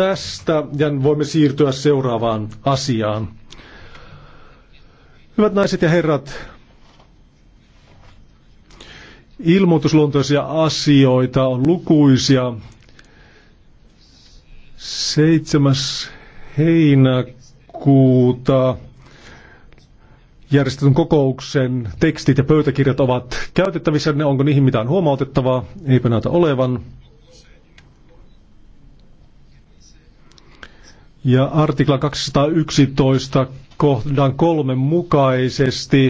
tästä ja voimme siirtyä seuraavaan asiaan. Hyvät naiset ja herrat, ilmoitusluontoisia asioita on lukuisia. 7. heinäkuuta järjestetyn kokouksen tekstit ja pöytäkirjat ovat käytettävissä. Onko niihin mitään huomautettavaa? Eipä näytä olevan. Ja artikla 211 kohdan kolmen mukaisesti